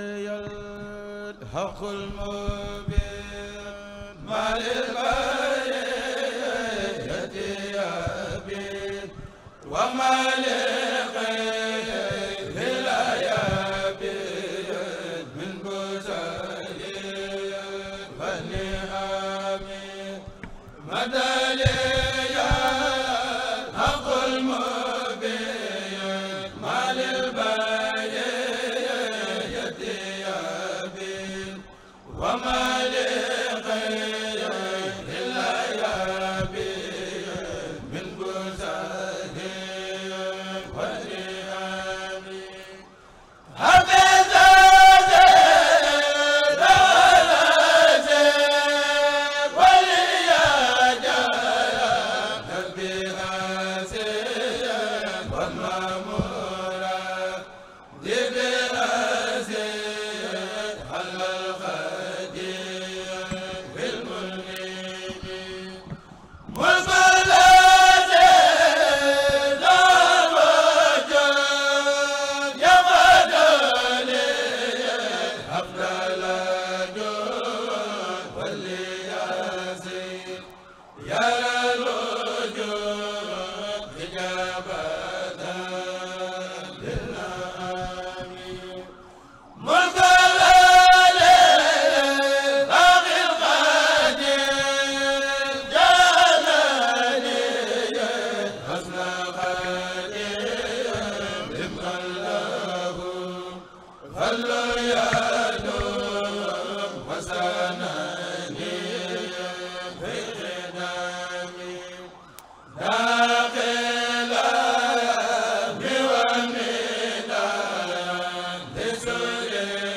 الحق المبين ما للبرية وما للبرية Amen bi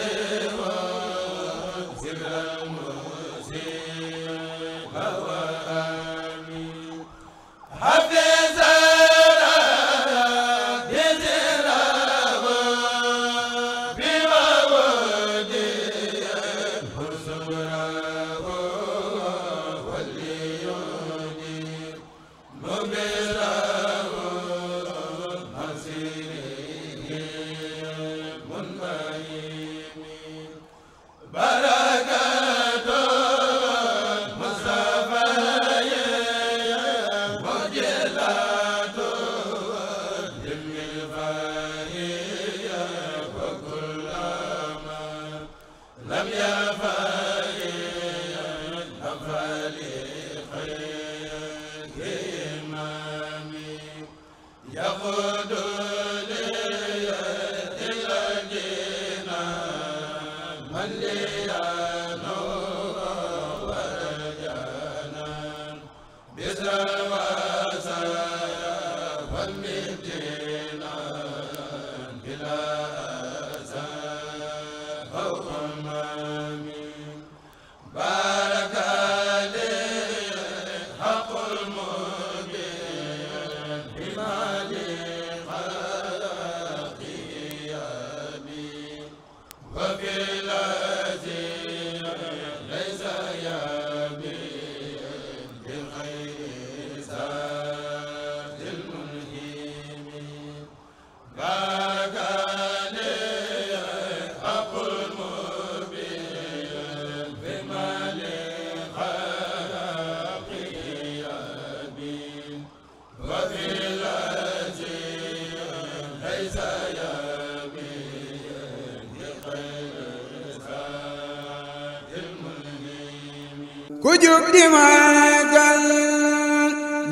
ku jug di maagal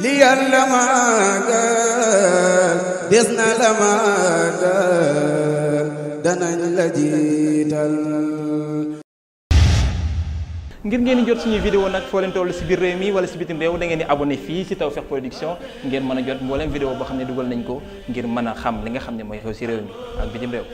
li yàlla maagal des na la maagal danañ la jiital ngir ngeen jot suñuy vidéo nag foo leen toll si biir réew mi wala si bitim réew da ngeen di abonné fii si Tawfekh Production ngeen mën a jot mbooleem vidéo boo xam ne dugal nañ ko ngir mën a xam li nga xam ne mooy xew si réew mi ak bitim réew